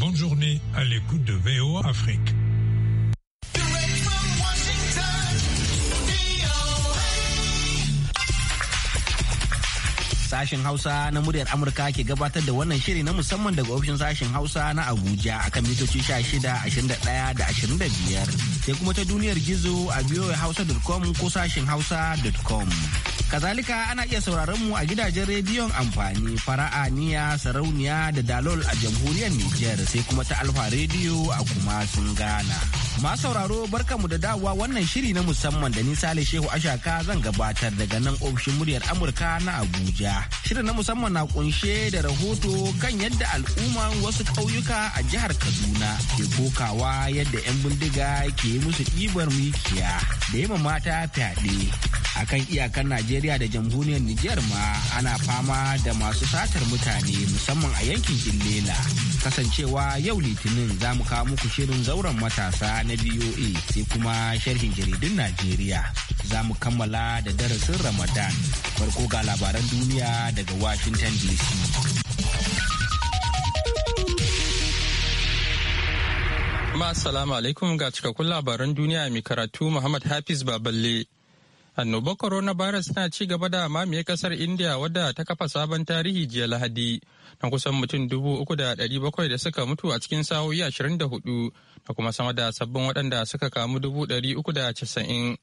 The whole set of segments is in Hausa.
Bonne journée à l'écoute de VOA Afrique. Sashen Hausa na muryar Amurka ke gabatar da wannan shiri na musamman daga ofishin sashen Hausa na Abuja a kan mitoci 16, 21 da 25. Sai kuma ta duniyar gizo a hausa.com ko sashen hausa.com. Kazalika ana iya sauraron mu a gidajen rediyon amfani fara'a niya sarauniya da dalol a jamhuriyar Nijar sai kuma ta alfa rediyo a kuma sun gana. Masu sauraro barka mu da dawowa wannan shiri na musamman da ni Sale Shehu Ashaka zan gabatar daga nan ofishin muryar Amurka na Abuja. Shirin na musamman na kunshe da rahoto kan yadda al'umman wasu ƙauyuka a jihar Kaduna ke kokawa yadda 'yan bindiga ke musu ɗibar mikiya da yi mata fyaɗe. a kan iyakar Najeriya da jamhuriyar Nijar ma ana fama da masu satar mutane musamman a yankin Kasancewa yau Litinin za mu kawo muku shirin zauren matasa na BOA sai kuma sharhin jaridun Najeriya. Za mu kammala da darasin Ramadan. Farko ga labaran duniya daga Washington DC. Assalamu alaikum ga cikakkun labaran duniya mai karatu Muhammad Hafiz Baballe. annobar coronavirus tana ci gaba da mamaye kasar india wadda ta kafa sabon tarihi jiya lahadi na kusan mutum dubu uku da ɗari bakwai da suka mutu a cikin sa'o'i ashirin da hudu da kuma sama da sabbin waɗanda suka kamu dubu ɗari uku da casa'in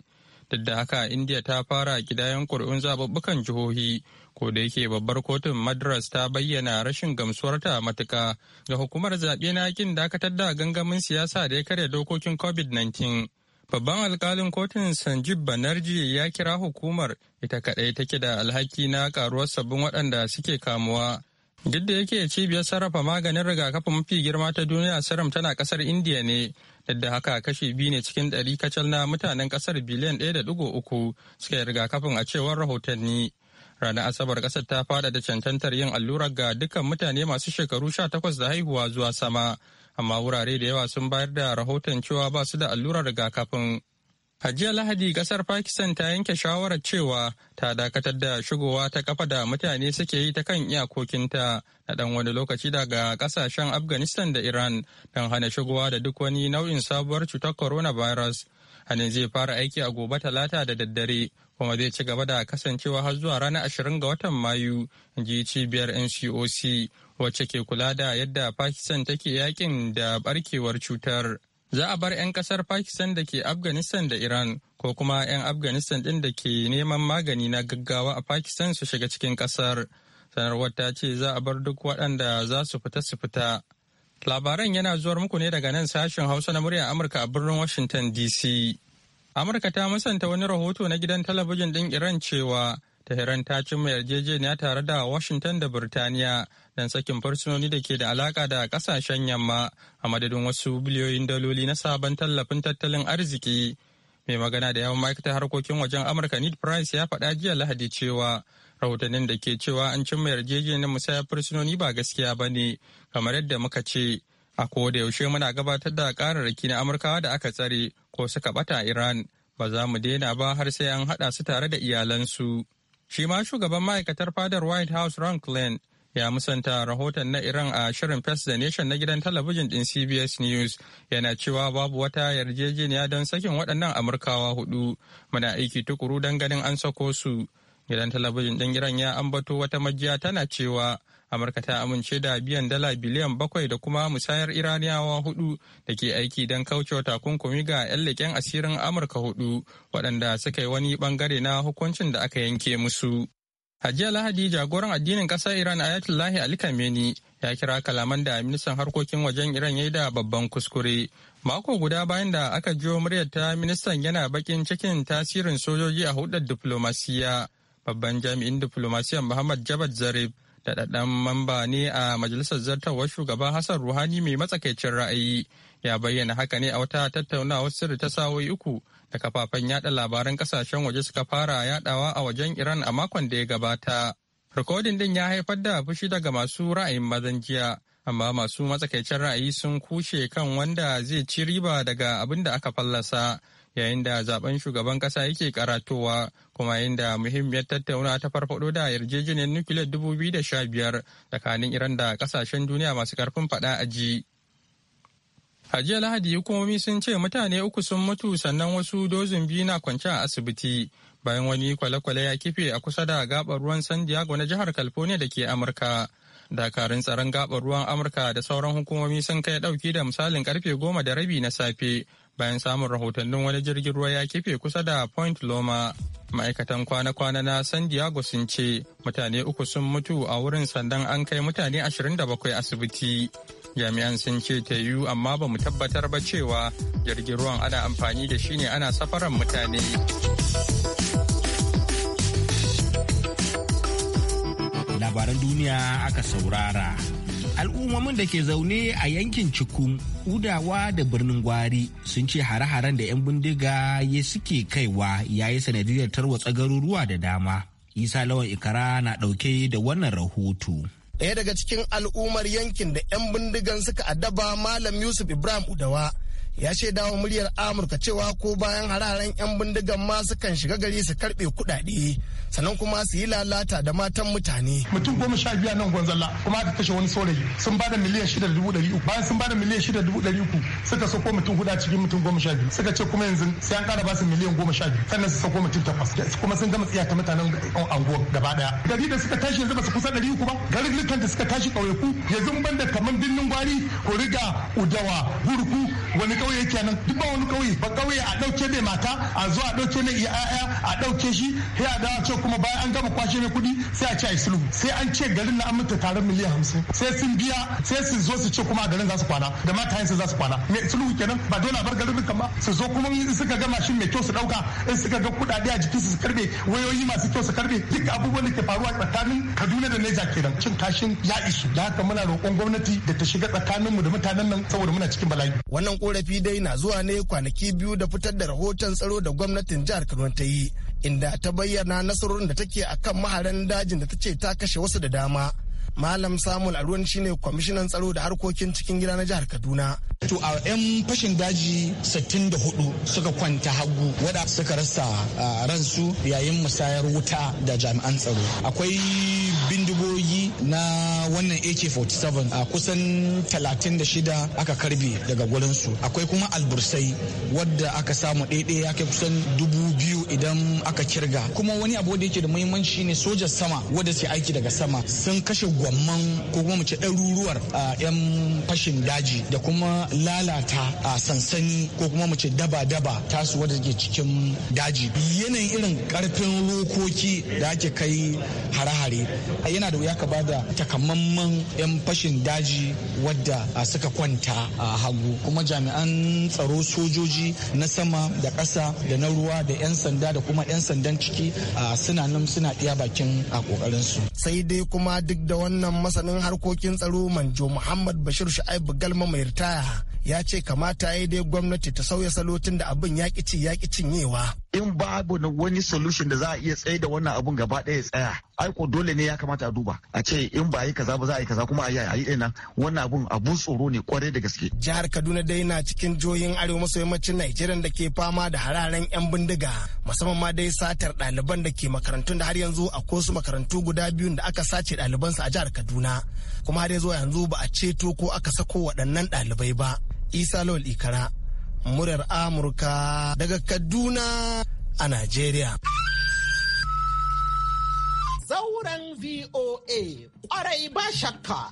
duk da haka india ta fara gidayen ƙuri'un zaɓuɓɓukan jihohi ko da yake babbar kotun madras ta bayyana rashin gamsuwarta matuka ga hukumar zaɓe na yakin dakatar da gangamin siyasa da ya karya dokokin covid-19 Babban alkalin kotun Sanjib banarji ya kira hukumar ita kaɗai take da alhaki na karuwar sabbin waɗanda suke kamuwa. Duk da yake cibiyar sarrafa maganin rigakafin mafi girma ta duniya Serum tana kasar Indiya ne, duk da haka kashi biyu ne cikin ɗari kacal na mutanen kasar biliyan ɗaya da ɗigo uku suka yi rigakafin a cewar rahotanni. Ranar Asabar ƙasar ta fada da cancantar yin allurar ga dukkan mutane masu shekaru sha takwas da haihuwa zuwa sama. amma wurare da yawa sun bayar da rahoton cewa ba su da allurar rigakafin. A jiya Lahadi kasar Pakistan ta yanke shawarar cewa ta dakatar da shigowa ta kafa da mutane suke yi ta kan iyakokinta na ɗan wani lokaci daga ƙasashen Afghanistan da Iran don hana shigowa da duk wani nau'in sabuwar cutar coronavirus. Hanin zai fara aiki a gobe talata da daddare kuma zai ci gaba da kasancewa har zuwa ranar ashirin ga watan mayu ji cibiyar ncoc wacce ke kula da yadda pakistan take yakin da barkewar cutar za a bar 'yan kasar pakistan da ke afghanistan da iran ko kuma 'yan afghanistan ɗin da ke neman magani na gaggawa a pakistan su shiga cikin kasar sanarwar ta ce za a bar duk waɗanda za su fita su fita labaran yana zuwar muku ne daga nan sashen hausa na murya amurka a birnin washington dc Amurka ta musanta wani rahoto na gidan talabijin ɗin Iran cewa Tehran ta cimma yarjejeniya tare da Washington da Birtaniya don sakin fursunoni da ke da alaka da kasashen yamma a madadin wasu biliyoyin daloli na sabon tallafin tattalin arziki. Mai magana da yawan ma'aikatar harkokin wajen Amurka Need Price ya faɗa jiya Lahadi cewa rahotannin da ke cewa an cimma yarjejeniyar musayar fursunoni ba gaskiya ba ne kamar yadda muka ce. A koda yaushe muna gabatar da kararraki na Amurkawa da aka tsare ko suka bata Iran ba za mu daina ba har sai an haɗa su tare da iyalansu. Shi ma shugaban ma'aikatar fadar White House Ron Klein ya musanta rahoton na Iran a shirin Fest the Nation na gidan talabijin ɗin CBS News yana cewa babu wata yarjejeniya don sakin waɗannan Amurkawa hudu muna aiki tukuru don ganin an sako su. Gidan talabijin ɗin Iran ya ambato wata majiya tana cewa amurka ta amince da biyan dala biliyan bakwai da kuma musayar iraniyawa hudu da ke aiki don kaucewa takunkumi ga 'yan leƙen asirin amurka hudu waɗanda suka yi wani bangare na hukuncin da aka yanke musu hajiya lahadi jagoran addinin ƙasar iran ayatollah ali khamenei ya kira kalaman da ministan harkokin wajen iran ya yi da babban kuskure mako guda bayan da aka jiyo muryar ta ministan yana bakin cikin tasirin sojoji a hudar diflomasiya babban jami'in diflomasiyan muhammad jabat zarif daɗaɗɗen mamba ne a majalisar zartarwar shugaban hassan ruhani mai matsakaicin ra'ayi ya bayyana haka ne a wata tattaunawar sirri ta sawoyi uku da kafafen yada labaran kasashen waje suka fara yadawa a wajen iran a makon da ya gabata rikodin din ya haifar da fushi daga masu ra'ayin mazan jiya amma masu matsakaicin ra'ayi sun kushe kan wanda zai ci riba daga abin da aka fallasa yayin da zaben shugaban kasa yake karatowa kuma yayin da muhimmiyar tattauna ta farfado da yarjejeniyar nukiliyar 2015 tsakanin iran da kasashen duniya masu karfin fada a ji a jiya lahadi hukumomi sun ce mutane uku sun mutu sannan wasu dozin biyu na kwance a asibiti bayan wani kwale-kwale ya kife a kusa da gabar ruwan san diego na jihar california da ke amurka dakarun tsaron gabar ruwan amurka da sauran hukumomi sun kai dauki da misalin karfe goma da rabi na safe bayan samun rahotannin wani jirgin ruwa ya kife kusa da Point Loma. Ma'aikatan kwana-kwana na San Diego sun ce mutane uku sun mutu a wurin sandan an kai mutane 27 asibiti. Jami'an sun ce ta yiwu amma ba mu tabbatar ba cewa jirgin ruwan ana amfani da shi ne ana safaran mutane. Labaran duniya aka saurara. al'ummomin da ke zaune a yankin cikun udawa da birnin gwari sun ce hare-haren da 'yan bindiga ya suke kaiwa ya yi sanadiyar tarwatsa garuruwa da dama isa lawan ikara na ɗauke da wannan rahoto ɗaya daga cikin al'ummar yankin da 'yan bindigan suka adaba malam yusuf ibrahim udawa ya dawo muryar amurka cewa ko bayan hararen 'yan bindigan ma sukan shiga gari su karbe kudade sannan kuma su yi lalata da matan mutane mutum goma sha biya nan gwanzalla kuma aka kashe wani saurayi sun ba da miliyan shida da dubu dari uku bayan sun ba da miliyan shida da dubu dari uku suka sako mutum huda cikin mutum goma sha biyu suka ce kuma yanzu sai an ƙara ba su miliyan goma sha biyu sannan su sako mutum takwas kuma sun gama tsiyata mutanen anguwa gaba ɗaya gari da suka tashi yanzu ba su kusa dari uku ba garin da suka tashi kauyaku yanzu ban da kaman birnin gwari ko riga udawa gurku wani kauye kenan duk ba wani kauye ba kauye a dauke mai mata a zo a dauke mai iyaya a dauke shi sai a dawo ce kuma bayan an gama kwashe mai kudi sai a ci a sulhu sai an ce garin na aminta taron miliyan hamsin sai sun biya sai su zo su ce kuma a garin za su kwana da mata yin su za su kwana mai sulhu kenan ba dole a bar garin dukan ba su zo kuma in suka ga mashin mai kyau su dauka in suka ga kudade a jikin su karbe wayoyi masu kyau su karbe duk abubuwan da ke faruwa tsakanin Kaduna da Neja kenan cin kashin ya isu da haka muna roƙon gwamnati da ta shiga tsakaninmu da mutanen nan saboda muna cikin bala'i wannan korafi al'amari dai na zuwa ne kwanaki biyu da fitar da rahoton tsaro da gwamnatin jihar Kano ta yi inda ta bayyana nasarorin da take akan maharan dajin da ta ce ta kashe wasu da dama Malam Samun Aruwan shine kwamishinan tsaro da harkokin cikin gida na jihar Kaduna. To a 'yan fashin daji 64 suka kwanta hagu wadda suka rasa ransu yayin musayar wuta da jami'an tsaro. Akwai bindigogi na wannan AK-47 a kusan 36 aka karbe daga gurinsu. Akwai kuma albursai wadda aka samu ɗaiɗaya ya kai kusan dubu biyu idan aka kirga kuma wani abu da yake da muhimmanci ne sojan sama wanda suke aiki daga sama sun kashe gwamman ko kuma mu ce ɗaruruwar yan fashin daji da kuma lalata a sansani ko kuma mu ce daba-daba tasu wadda ke cikin daji yanayin irin karfin lokoki da ake kai hare-hare yana da wuya ka bada da takamaiman 'yan fashin daji wadda suka kwanta a hagu kuma jami'an tsaro sojoji na sama da ƙasa da na ruwa da 'yan sanda sanda da kuma 'yan sandan ciki suna nan suna iya bakin a kokarin su. sai dai kuma duk da wannan masanin harkokin tsaro manjo muhammad bashir shu'aibu galma mai ritaya ya ce kamata ya dai gwamnati ta sauya salotin da abin yaƙi ci yaƙi cinyewa in babu wani solution da za a iya tsaye da wannan abun gaba ɗaya tsaya aiko dole ne ya kamata a duba a ce in ba yi kaza ba za a yi kaza kuma a yi a yi wannan abun abun tsoro ne kwarai da gaske. jihar kaduna dai na cikin jihohin arewa maso yammacin Najeriya da ke fama da hararen yan bindiga musamman ma dai satar ɗaliban da ke makarantun da har yanzu a kosu makarantu guda biyun da aka sace su a jihar kaduna kuma har yanzu yanzu ba a ceto ko aka sako waɗannan ɗalibai ba isa lawal ikara muryar Amurka daga Kaduna a Najeriya. Zauren VOA, ƙwarai ba shakka.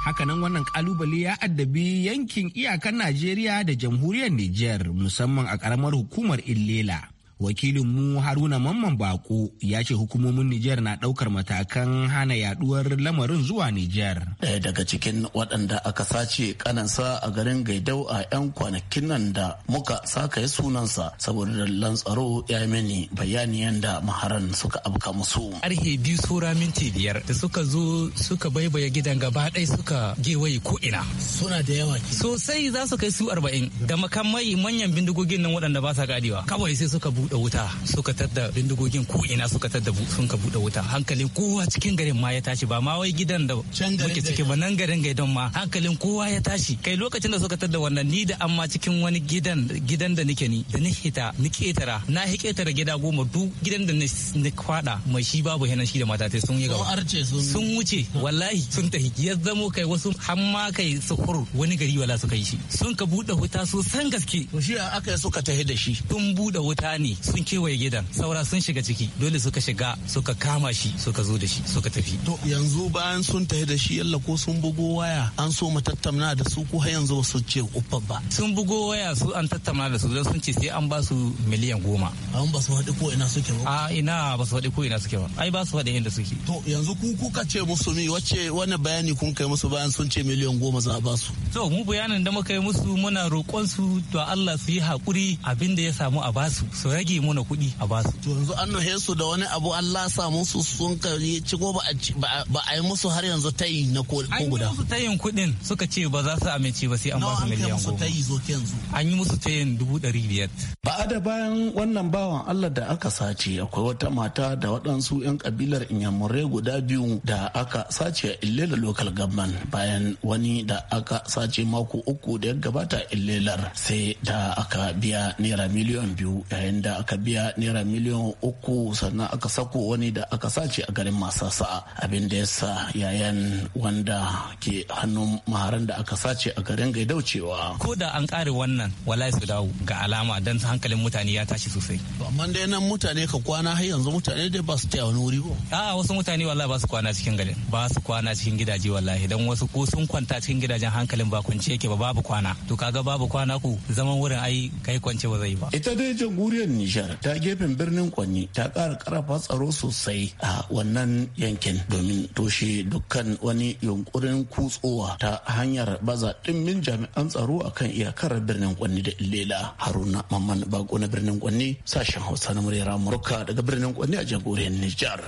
hakanan wannan kalubale ya addabi yankin iyakar najeriya da jamhuriyar niger musamman a karamar hukumar illela wakilin mu haruna mamman bako ya ce hukumomin nijar na daukar matakan hana yaduwar lamarin zuwa nijar daya daga cikin waɗanda aka sace kanansa a garin gaidau a 'yan kwanakin nan da muka saka ya sunansa saboda dalilan tsaro ya mini bayani yadda maharan suka abka musu arhe biyu sura minti biyar da suka zo suka baibaye gidan gaba ɗaya suka gewaye ko ina suna da yawa sosai za su kai su arba'in da makamai manyan bindigogin nan waɗanda ba sa gadewa kawai sai suka buɗe buɗe wuta suka tadda bindigogin ko ina suka tadda sun ka buɗe wuta hankalin kowa cikin garin ma ya tashi ba ma wai gidan da muke ciki ba nan garin gaidon ma hankalin kowa ya tashi kai lokacin da suka tadda wannan ni da amma cikin wani gidan gidan da nake ni da ni hita ni ketara na hi ketara gida goma duk gidan da ni kwada mai shi babu hinan shi da mata sun yi gaba sun wuce wallahi sun tahi ya zamo kai wasu hamma kai sukur wani gari wala suka yi shi sun ka buɗe wuta san gaske to shi aka suka tahi da shi sun buɗe wuta ne sun kewaye gidan saura sun shiga ciki dole suka shiga suka kama shi suka zo da shi suka tafi to yanzu bayan sun tafi da shi yalla ko sun bugo waya an so mu tattauna da su ko har yanzu ba su ce uffan ba sun bugo waya su an tattauna da su don sun ce sai an ba su miliyan goma an ba su faɗi ko ina suke ba a ina ba su faɗi ko ina suke ba ai ba su faɗi inda suke to yanzu ku kuka ce musu mi wace wani bayani kun kai musu bayan sun ce miliyan goma za a ba su to mu bayanin da muka yi musu muna roƙon su to Allah su yi haƙuri abin da ya samu a ba su su rage rage mana kuɗi a basu. To yanzu an nuhe su da wani abu Allah sa musu sun yi ci ko ba a yi musu har yanzu tayi na ko guda. An yi musu tayin kuɗin suka ce ba za su amince ba sai an ba su miliyan goma. An yi musu tayin dubu ɗari biyar. Ba a da bayan wannan bawan Allah da aka sace akwai wata mata da waɗansu 'yan kabilar inyamurai guda biyu da aka sace a Illela Local Government bayan wani da aka sace mako uku da ya gabata Illelar sai da aka biya naira miliyan biyu yayin da da aka biya naira miliyan uku sannan aka sako wani da aka sace a garin masasa abin da ya sa yayan wanda ke hannun maharan da aka sace a garin daucewa. ko da an kare wannan wallahi su dawo ga alama dan hankalin mutane ya tashi sosai amma dai nan mutane ka kwana har yanzu mutane dai ba su taya wani wuri ko a wasu mutane wallahi ba su kwana cikin garin ba su kwana cikin gidaje wallahi dan wasu ko sun kwanta cikin gidajen hankalin ba kwance yake ba babu kwana to kaga babu kwana ku zaman wurin ai kai kwance ba zai ba ita dai jamhuriyar Nijar ta gefen birnin Kwanni ta ƙara ƙarfa tsaro sosai a wannan yankin domin toshe dukkan wani yunkurin kutsowa ta hanyar baza ɗimmin jami'an tsaro akan iyakar birnin Kwanni da Ilela Haruna Mamman Bago na birnin Kwanni sashen Hausa na muryar Amurka daga birnin Kwanni a jamhuriyar Nijar.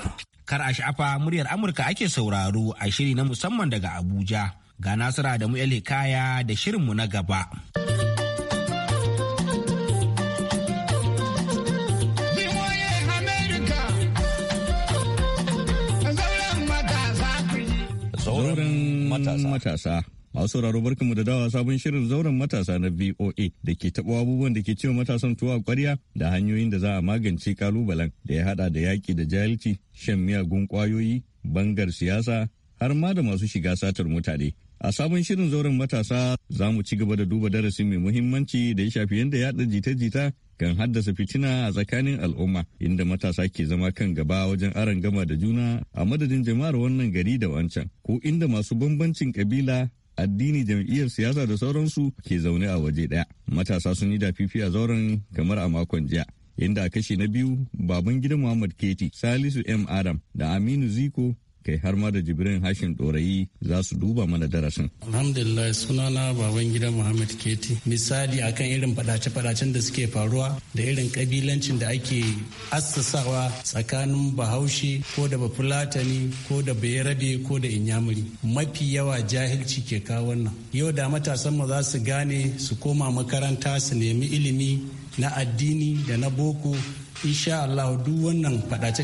Kar a sha'afa muryar Amurka ake sauraro a shiri na musamman daga Abuja. Ga Nasira da mu hikaya da shirinmu na gaba. matasa. Masu sauraro barkan mu da dawa sabon shirin zauren matasa na VOA da ke taɓa abubuwan da ke cewa matasan tuwa kwarya da hanyoyin da za a magance kalubalen da ya haɗa da yaki da jahilci, shan miyagun kwayoyi bangar siyasa, har ma da masu shiga satar mutane. A sabon shirin zauren matasa za mu ci gaba da duba darasi mai muhimmanci da ya shafi yadda yaɗa jita-jita kan haddasa fitina a tsakanin al'umma inda matasa ke zama kan gaba wajen aron gama da juna a madadin jama'ar wannan gari da wancan ko inda masu bambancin kabila addini jam'iyyar siyasa da sauransu ke zaune a waje ɗaya matasa sun yi dafifi a zauren kamar a makon jiya inda a kashe na biyu baban gidan muhammad keti salisu m adam da aminu ziko kai har ma da jibrin hashin ɗorayi za su duba mana darasin. alhamdulillah sunana baban gida muhammad keti misali akan irin fadace-fadacen da suke faruwa da irin kabilancin da ake assasawa tsakanin bahaushe ko da bafulatani ko da bayarabe ko da inyamuri mafi yawa jahilci ke kawo wannan yau da matasan mu za su gane su koma makaranta su nemi ilimi na addini da na boko insha Allah duk wannan fadace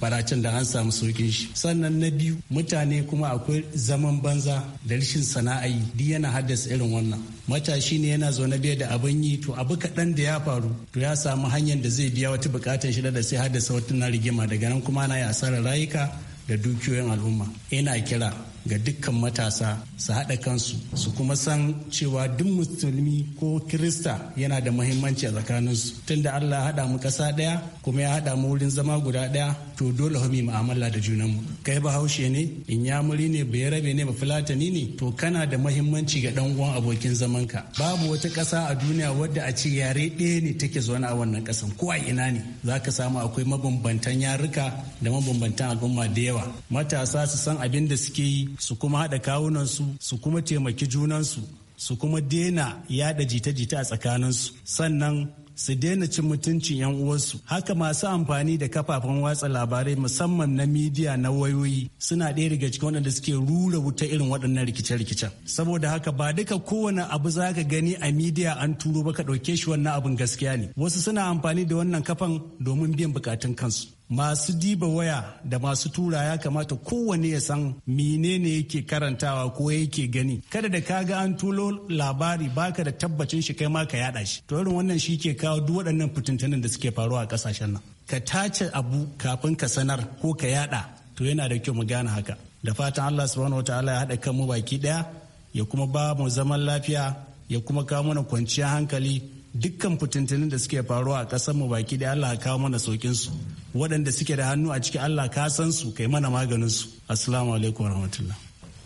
fadacen da an samu saukin shi sannan na biyu mutane kuma akwai zaman banza da rashin sana'ayi duk yana haddasa irin wannan matashi ne yana zaune biyar da abin yi to abu kaɗan da ya faru to ya samu hanyar da zai biya wata bukatar shi da sai haddasa wata na rigima daga nan kuma na yi asarar rayuka da dukiyoyin al'umma ina kira ga dukkan matasa su haɗa kansu su kuma san cewa duk musulmi ko kirista yana da mahimmanci a tsakaninsu tunda allah ya haɗa mu ƙasa ɗaya kuma ya haɗa mu wurin zama guda ɗaya to dole mu mu'amala da junanmu kai bahaushe ne in inyamuri ne bai rabe ne ba fulatani ne to kana da mahimmanci ga ɗan uwan abokin zamanka babu wata ƙasa a duniya wadda a ce yare ɗaya ne take zaune a wannan ƙasan ko a ina ne za ka samu akwai mabambantan yaruka da mabambantan al'umma da yawa matasa su san abin da suke yi su kuma haɗa kawunansu su kuma taimaki junansu su kuma daina yada jita-jita a tsakaninsu sannan su daina cin mutuncin 'yan uwansu haka masu amfani da kafafen watsa labarai musamman na midiya na wayoyi suna ɗaya daga cikin waɗanda suke rura wuta irin waɗannan rikice-rikicen saboda haka ba duka kowane abu za ka gani a midiya an turo ba ka ɗauke shi wannan abin gaskiya ne wasu suna amfani da wannan kafan domin biyan bukatun kansu masu diba waya da masu tura ya kamata kowane ya san menene yake karantawa ko yake gani kada da ka ga an tulo labari baka da tabbacin shi kai ma ka yada shi to irin wannan shi ke kawo duk waɗannan fitintunan da suke faruwa a kasashen nan ka tace abu kafin ka sanar ko ka yada to yana da kyau mu gane haka da fatan Allah subhanahu wataala ya haɗa kan mu baki ɗaya ya kuma ba mu zaman lafiya ya kuma kawo mana kwanciyar hankali dukkan fitintunan da suke faruwa a ƙasar mu baki ɗaya Allah ya kawo mana saukin su waɗanda suke da hannu a ciki Allah ka san su kai mana maganin su assalamu alaikum warahmatullah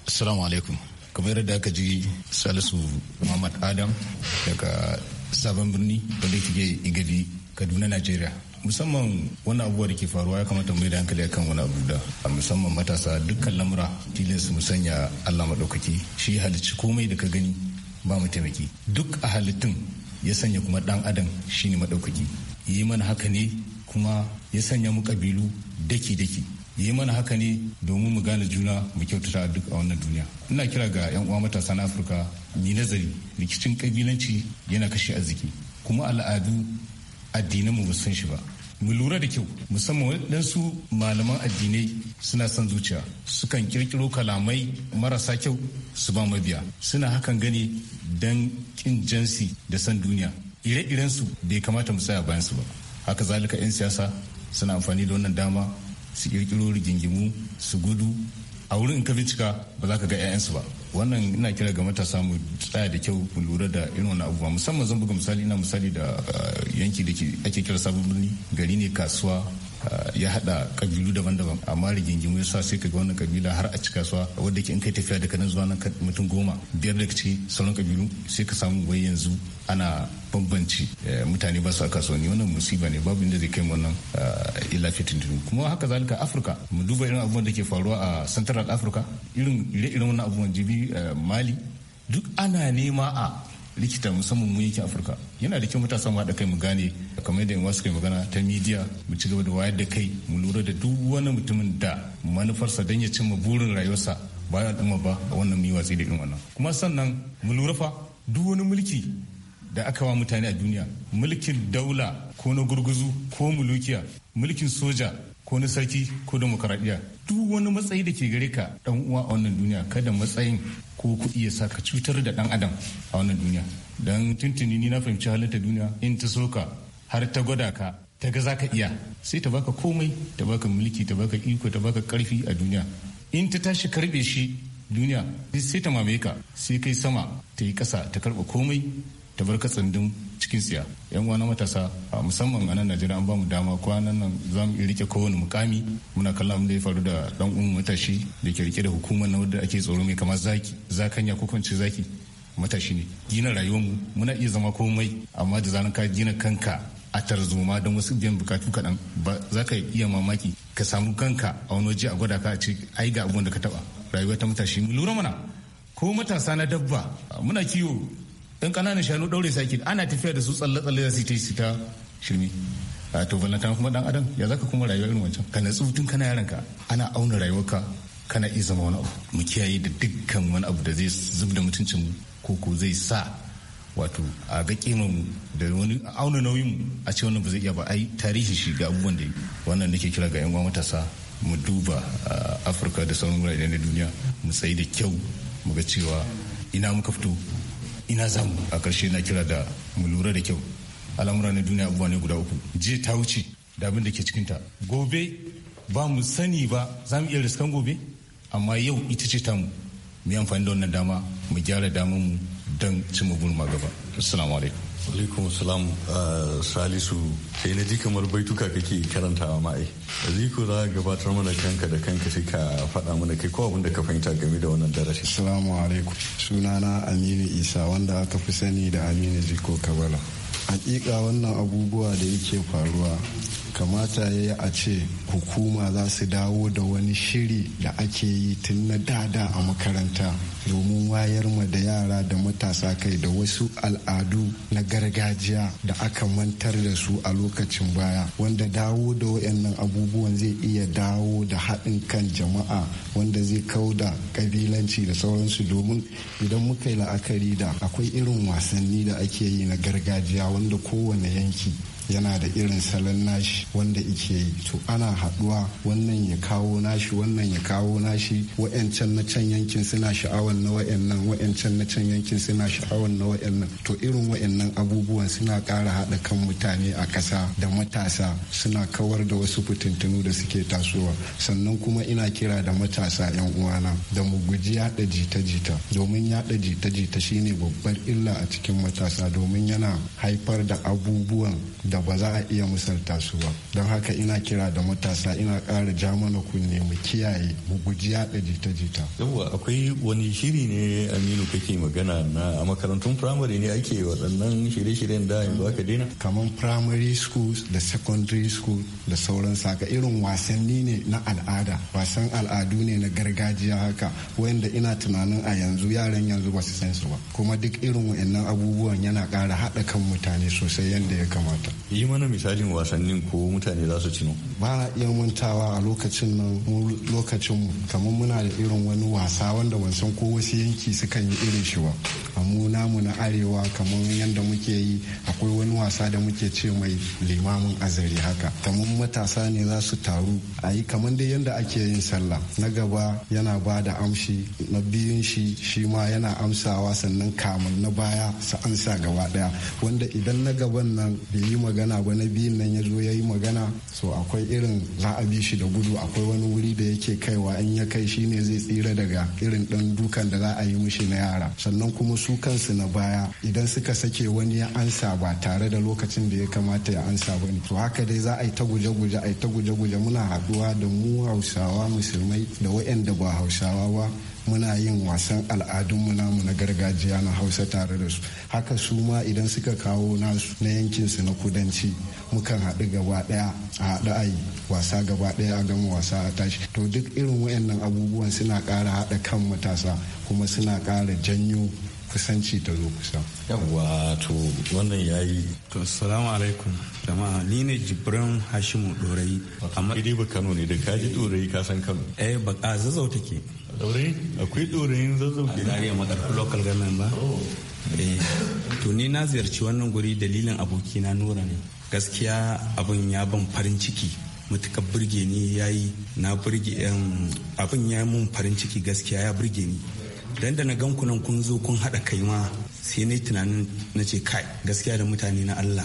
assalamu alaikum kamar yadda aka ji salisu muhammad adam daga sabon birni wanda ke igadi kaduna Najeriya. musamman wani abubuwa da ke faruwa ya kamata mai da hankali a kan wani abu da musamman matasa dukkan lamura filin mu sanya allah maɗaukaki shi halicci komai da ka gani ba mu taimaki duk a halittun ya sanya kuma ɗan adam shine maɗaukaki yi mana haka ne kuma ya sanya mu kabilu daki-daki yi mana haka ne domin mu gane juna mu kyautata duk a wannan duniya ina kira ga 'yan uwa matasa na afirka ni nazari rikicin kabilanci yana kashe arziki kuma al'adu addinan mu ba san shi ba mu lura da kyau musamman waɗansu malaman addinai suna son zuciya sukan kirkiro kalamai marasa kyau su ba mabiya suna hakan gani don kin jansi da san duniya ire-irensu bai kamata mu tsaya su ba haka zalika 'yan siyasa suna amfani da wannan dama su kirkiro rigingimu su gudu a wurin ka bincika ba za ka ga 'ya'yansu ba wannan ina kira ga matasa mu tsaya da kyau mu lura da irin wani abubuwa musamman zan buga misali ina misali da ah, yanki da ake kira sabon birni gari ne kasuwa Eh, ya hada kabilu daban-daban amma rigingimu sa sai ka ga wannan kabila har a cika suwa wadda ke in kai tafiya daga nan zuwa nan mutum goma biyar daga ciki sauran kabilu sai ka samu wai yanzu ana bambanci eh, mutane ba su a kasuwanni wannan musiba ne babu inda zai kai wannan eh, illa fitin kuma haka zalika afirka mu duba irin abubuwan da ke faruwa a central africa irin ire-iren wannan abubuwan jibi mali duk ana nema a likita musamman mu yake afirka yana da kyau matasa mu haɗa kai mu gane kamar yadda wasu kai magana ta midiya mu ci gaba da wayar da kai mu lura da duk wani mutumin da manufarsa don ya cimma burin rayuwarsa ba ya al'umma ba a wannan mu yi watsi da irin wannan kuma sannan mu lura fa duk wani mulki da aka wa mutane a duniya mulkin daula ko na gurguzu ko mulukiya mulkin soja ko na sarki ko demokaradiyya duk wani matsayi da ke gare ka dan uwa a wannan duniya kada matsayin ko kuɗi ya sa ka cutar da dan adam a wannan duniya dan tuntuni ni na fahimci halitta duniya in ta soka har ta gwada ka ta ga zaka iya sai ta baka komai ta baka mulki ta baka iko ta baka karfi a duniya in ta tashi karbe shi duniya sai ta mame ka sai kai sama ta yi kasa ta karba komai ta bar ka tsandin cikin siya yan wani matasa musamman a nan najeriya an bamu dama kwanan nan za mu rike kowane mukami muna kallon da ya faru da dan uwan matashi da ke rike da hukumar na wadda ake tsoro mai kamar zaki zakanya ko kwanci zaki matashi ne gina rayuwarmu muna iya zama komai amma da zaran ka gina kanka a tarzoma don wasu biyan bukatu kaɗan ba za ka iya mamaki ka samu kanka a wani waje a gwada ka a ce ai ga abubuwan da ka taɓa rayuwar ta matashi mu lura mana ko matasa na dabba muna kiwo in ƙananan shanu ɗaure saki ana tafiya da su tsalle-tsalle da su ta su ta shirme a to kuma dan adam ya zaka kuma rayuwa irin wancan Kana natsu tun kana yaranka ana auna rayuwarka kana iya zama wani abu mu kiyaye da dukkan wani abu da zai zub da mutuncin mu ko ko zai sa wato a ga kimar mu da wani auna nauyin mu a ce wannan ba zai iya ba ai tarihi shi ga abubuwan da wannan nake kira ga yan uwa matasa mu duba ah, afirka da sauran wurare na duniya mu tsayi da kyau mu ga cewa ina muka fito ina za mu a ƙarshe na kira da mu lura da kyau al'amura na duniya abubuwa ne guda uku jiya ta wuce da abin da ke cikinta gobe ba mu sani ba za mu iya riskan gobe amma yau ita ce tamu mu yi amfani da wannan dama mu gyara damar mu don cimma gurma gaba assalamu alaikum alaikum salam salisu sai na ji kamar baituka kake karantawa ma'ai ziko za ka gabatar mana kanka da kanka sai ka faɗa mana kai ko abin da ka fahimta game da wannan darasi salamu alaikum sunana aminu isa wanda aka fi sani da aminu ziko kabala hakika wannan abubuwa da yake faruwa kamata ya yi a ce hukuma za su dawo da wani shiri da ake yi tun na dada a makaranta domin wayar ma da yara da matasa kai da wasu al'adu na gargajiya da aka mantar da su a lokacin baya wanda dawo da wayannan abubuwan zai iya dawo da haɗin kan jama'a wanda zai kau da kabilanci da sauransu domin idan muka yi la'akari da akwai irin wasanni da ake yi na gargajiya wanda kowane yanki yana da irin salon nashi wanda ike yi to ana haɗuwa wannan ya kawo nashi wannan ya kawo nashi wa'yancan na can yankin suna sha'awar na wa'yannan wa'yancan na can yankin suna sha'awar na wa'yannan to irin wa'yannan abubuwan suna kara haɗa kan mutane a ƙasa da matasa suna kawar da wasu fitintunu da suke tasowa sannan kuma ina kira da matasa 'yan uwana da mu guji yaɗa jita-jita domin yada jita-jita shine babbar illa a cikin matasa domin yana haifar da abubuwan da ba za a iya misalta su ba don haka ina kira da matasa ina kara jamana mana kunne mu kiyaye mu guji yada jita-jita. yawwa akwai wani shiri ne aminu kake magana na a makarantun firamare ne ake waɗannan shirye-shiryen da yanzu aka daina. kamar primary schools da secondary school da sauran saka irin wasanni ne na al'ada wasan al'adu ne na gargajiya haka wanda ina tunanin a yanzu yaran yanzu ba su san su ba kuma duk irin wa'annan abubuwan yana ƙara haɗa kan mutane sosai yadda ya kamata. yi mana misalin wasannin ko mutane za su cino ba na iya mantawa a lokacin nan lokacin mu kamar muna da irin wani wasa wanda wasan ko wasu yanki sukan yi irin shi ba amma namu na arewa kamar yadda muke yi akwai wani wasa da muke ce mai limamin azari haka kamar matasa ne za su taru a yi kamar dai yadda ake yin sallah na gaba yana ba da amshi na biyun shi shi ma yana amsawa sannan kamar na baya su amsa gaba daya wanda idan na gaban nan bai yi magana ba na biyun nan ya zo ya yi magana so akwai irin za a bi shi da gudu akwai wani wuri da yake kaiwa in ya kai shi ne zai tsira daga irin dan dukan da za a yi mushi na yara sannan kuma su kansu na baya idan suka sake wani ya ansa ba tare da lokacin da ya kamata ya ansa ba ne to haka dai za a yi ta guje-guje a yi ta guje-guje muna haɗuwa da mu hausawa musulmai da waɗanda ba hausawa ba muna yin wasan al'adunmu namu na gargajiya na hausa tare da su haka su ma idan suka kawo nasu na su na kudanci mukan haɗu gaba ɗaya a haɗu ayi wasa gaba ɗaya a gama wasa a tashi to duk irin wayannan abubuwan suna ƙara haɗa kan matasa kuma suna ƙara janyo kusanci ta zo kusa. Yawwa to wannan ya yi. To salamu alaikum jama'a ni ne Jibran Hashimu Dorayi. Amma ni ba Kano ne da kaji Dorayi ka san Kano. Eh ba a zazzau take. Dorayi akwai Dorayi zazzau ke. Zariya madar local government ba. Oh. Eh, to ni na ziyarci wannan guri dalilin abokina Nura ne. Gaskiya abin ya ban farin ciki matukar burge ni ya yi na birge abin ya mun farin ciki gaskiya ya burge ni dan da na gan ku nan kun zo kun haɗa kai ma sai na tunanin na ce kai gaskiya da mutane na Allah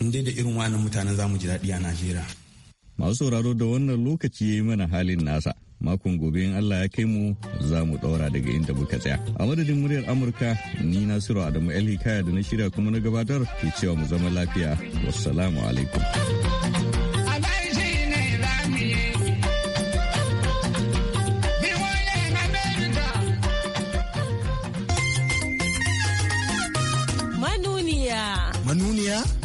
in dai da irin wannan mutanen zamu ji daɗi a Najeriya. Masu sauraro da wannan lokaci ya yi mana halin nasa. Makon gobe in Allah ya kai mu za mu ɗaura daga inda muka tsaya. A madadin muryar Amurka ni Nasiru Adamu El Hikaya da na shirya kuma na gabatar ke cewa mu zama lafiya. Wassalamu alaikum.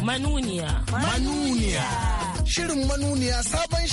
Manuniya. Manuniya. Manuniya. Shirin manuniya sabon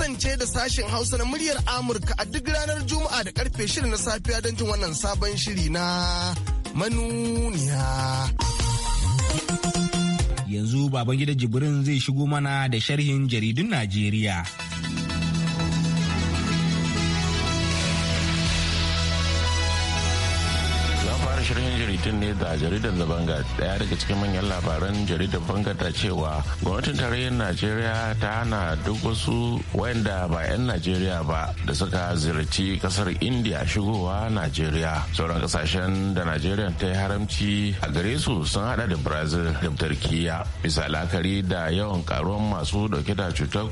kasance da sashen Hausa na muryar Amurka a duk ranar Juma'a da karfe shirin na safiya don jin wannan sabon shiri na manuniya. Yanzu baban gida Jibrin zai shigo mana da sharhin jaridun Najeriya. shirin jaridun ne da jaridar da banga daya daga cikin manyan labaran jaridar banga ta cewa gwamnatin tarayyar najeriya ta hana duk wasu wayanda ba 'yan najeriya ba da suka ziyarci kasar india shigowa najeriya sauran kasashen da najeriya ta yi haramci a gare su sun hada da brazil da turkiya bisa la'akari da yawan karuwan masu dauke da cutar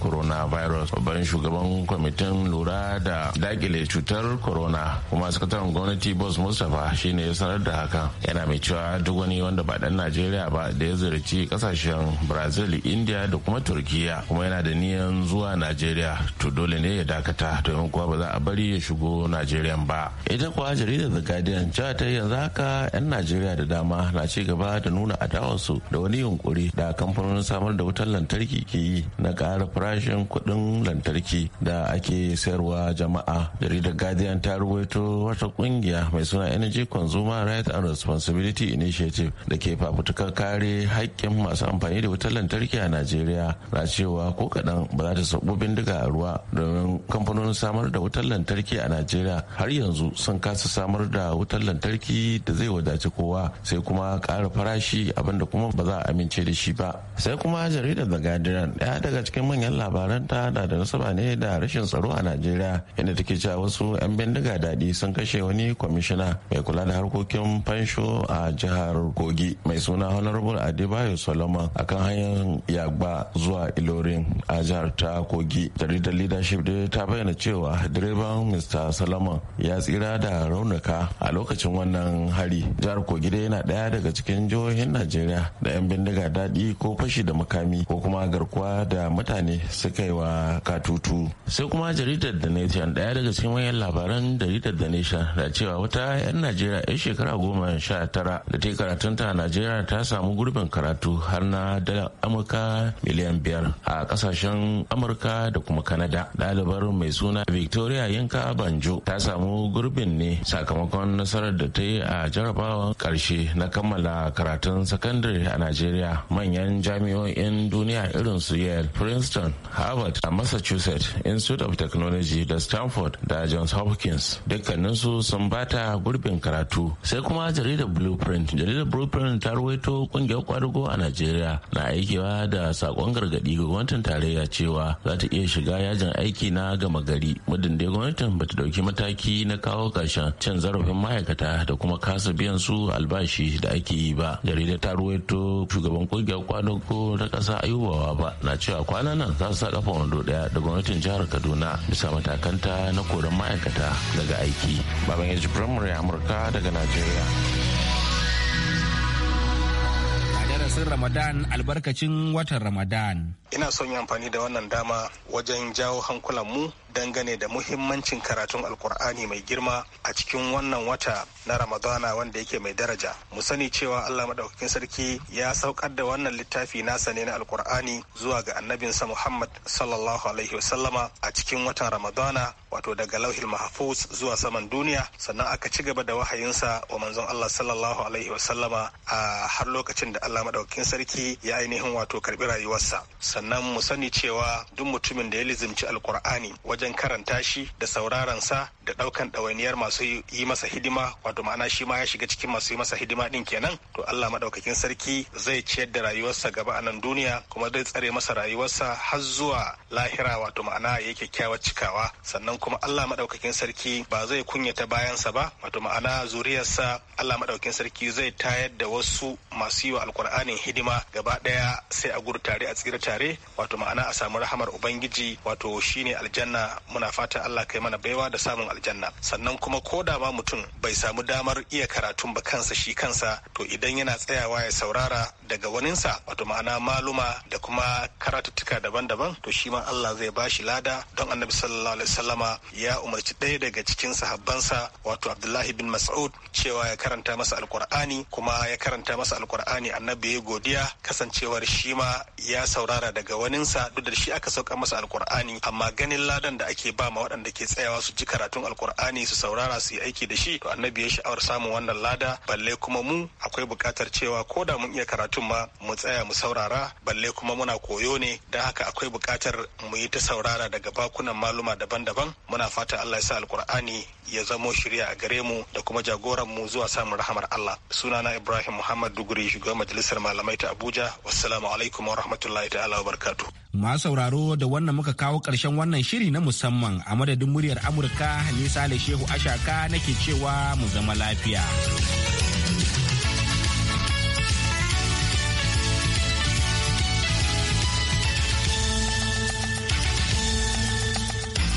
virus, babban shugaban kwamitin lura da dakile cutar corona kuma sakataren gwamnati boss mustapha shine ya sanar da da haka yana mai cewa duk wani wanda ba dan najeriya ba da ya ziyarci kasashen brazil india da kuma turkiya kuma yana da niyan zuwa najeriya to dole ne ya dakata domin kuwa ba za a bari ya shigo najeriya ba ita kuwa jaridar the guardian cewa ta yanzu haka yan najeriya da dama na ci gaba da nuna adawarsu da wani yunkuri da kamfanonin samar da wutar lantarki ke yi na kara farashin kuɗin lantarki da ake sayarwa jama'a jaridar guardian ta ruwaito wata ƙungiya mai suna energy consumer Right and Responsibility Initiative da ke fafutukar kare haƙƙin masu amfani da wutar lantarki a Najeriya na cewa ko kaɗan ba za ta sabu bindiga a ruwa domin kamfanonin samar da wutar lantarki a Najeriya har yanzu sun kasa samar da wutar lantarki da zai wadaci kowa sai kuma ƙara farashi abinda kuma ba za a amince da shi ba. Sai kuma jaridar The Guardian ɗaya daga cikin manyan labaranta na da nasaba ne da rashin tsaro a Najeriya inda take cewa wasu 'yan bindiga daɗi sun kashe wani kwamishina mai kula da harkokin fansho a jihar kogi mai suna honorable adebayo solomon akan hanyar yagba zuwa ilorin a jihar ta kogi jaridar leadership dai ta bayyana cewa direban mr solomon ya tsira da raunuka a lokacin wannan hari jihar kogi dai yana daya daga cikin jihohin najeriya da 'yan bindiga daɗi ko fashi da mukami ko kuma garkuwa da mutane suka yi wa katutu sai kuma jaridar the nation daya daga cikin manyan labaran jaridar the nation da cewa wata 'yan najeriya 'yan shekara shekara goma sha tara da ta yi karatunta a najeriya ta samu gurbin karatu har na dala amurka miliyan biyar a kasashen amurka da kuma kanada Dalibar mai suna victoria yanka banjo ta samu gurbin ne sakamakon nasarar da ta yi a jarabawan karshe na kammala karatun sakandare a najeriya manyan jami'o'in duniya irin su yale princeton harvard a massachusetts institute of technology da stanford da johns hopkins dukkaninsu sun bata gurbin karatu sai sai kuma jaridar blueprint jaridar blueprint ta ruwaito kungiyar kwadugo a najeriya na aikewa da sakon gargadi ga gwamnatin tarayya cewa za ta iya shiga yajin aiki na gama gari muddin dai gwamnatin bata dauki mataki na kawo karshen cin zarafin ma'aikata da kuma kasa biyan su albashi da ake yi ba jaridar ta ruwaito shugaban kungiyar kwadugo na kasa ayubawa ba na cewa kwanan nan za su sa kafa wando daya da gwamnatin jihar kaduna bisa matakanta na koran ma'aikata daga aiki baban yaji firamare amurka daga najeriya Najeriya. A Ramadan albarkacin watan Ramadan. ina son yi amfani da wannan dama wajen jawo hankulan mu dangane da muhimmancin karatun alkur'ani mai girma a cikin wannan wata na ramadana wanda yake mai daraja mu sani cewa allah maɗaukakin sarki ya saukar da wannan littafi nasa ne na alkur'ani zuwa ga annabinsa muhammad sallallahu alaihi wasallama a cikin watan ramadana wato daga lauhil mahfuz zuwa saman duniya sannan aka ci gaba da wahayinsa wa manzon allah sallallahu alaihi wasallama a har lokacin da allah maɗaukakin sarki ya ainihin wato karɓi rayuwarsa sannan mu sani cewa duk mutumin da ya lizimci alkur'ani wajen karanta shi da sauraron sa da daukan ɗawainiyar masu yi masa hidima wato ma'ana shi ma ya shiga cikin masu yi masa hidima din kenan to Allah madaukakin sarki zai ciyar da rayuwarsa gaba a nan duniya kuma zai tsare masa rayuwarsa har zuwa lahira wato ma'ana ya kyakkyawar cikawa sannan kuma Allah madaukakin sarki ba zai kunyata bayansa ba wato ma'ana zuriyarsa Allah madaukakin sarki zai tayar da wasu masu yi wa alkur'anin hidima gaba daya sai a gurtare tare a tsira tare dare wato ma'ana a samu rahamar ubangiji wato shine aljanna muna fatan Allah kai mana baiwa da samun aljanna sannan kuma ko da ma mutum bai samu damar iya karatun ba kansa shi kansa to idan yana tsayawa ya saurara daga waninsa wato ma'ana maluma da kuma karatuttuka daban-daban to shi ma Allah zai bashi lada don annabi sallallahu alaihi wasallama ya umarci ɗaya daga cikin sahabbansa wato Abdullahi bin Mas'ud cewa ya karanta masa alkur'ani kuma ya karanta masa alkur'ani annabi ya godiya kasancewar shi ma ya saurara daga waninsa duk da shi aka sauka masa alkur'ani amma ganin ladan da ake ba ma waɗanda ke tsayawa su ji karatun alkur'ani su saurara su yi aiki da shi to annabi ya sha'awar samun wannan lada balle kuma mu akwai buƙatar cewa ko da mun iya karatun ma mu tsaya mu saurara balle kuma muna koyo ne don haka akwai buƙatar mu yi ta saurara daga bakunan maluma daban-daban muna fata Allah ya sa alkur'ani ya zamo shirya a gare mu da kuma jagoran mu zuwa samun rahamar Allah sunana Ibrahim Muhammad Duguri shugaban majalisar malamai ta Abuja wassalamu alaikum wa rahmatullahi ta'ala wabarakatuh. Masu sauraro da wannan muka kawo ƙarshen wannan shiri na musamman a madadin muryar Amurka Nisa Shehu Ashaka nake cewa mu zama lafiya.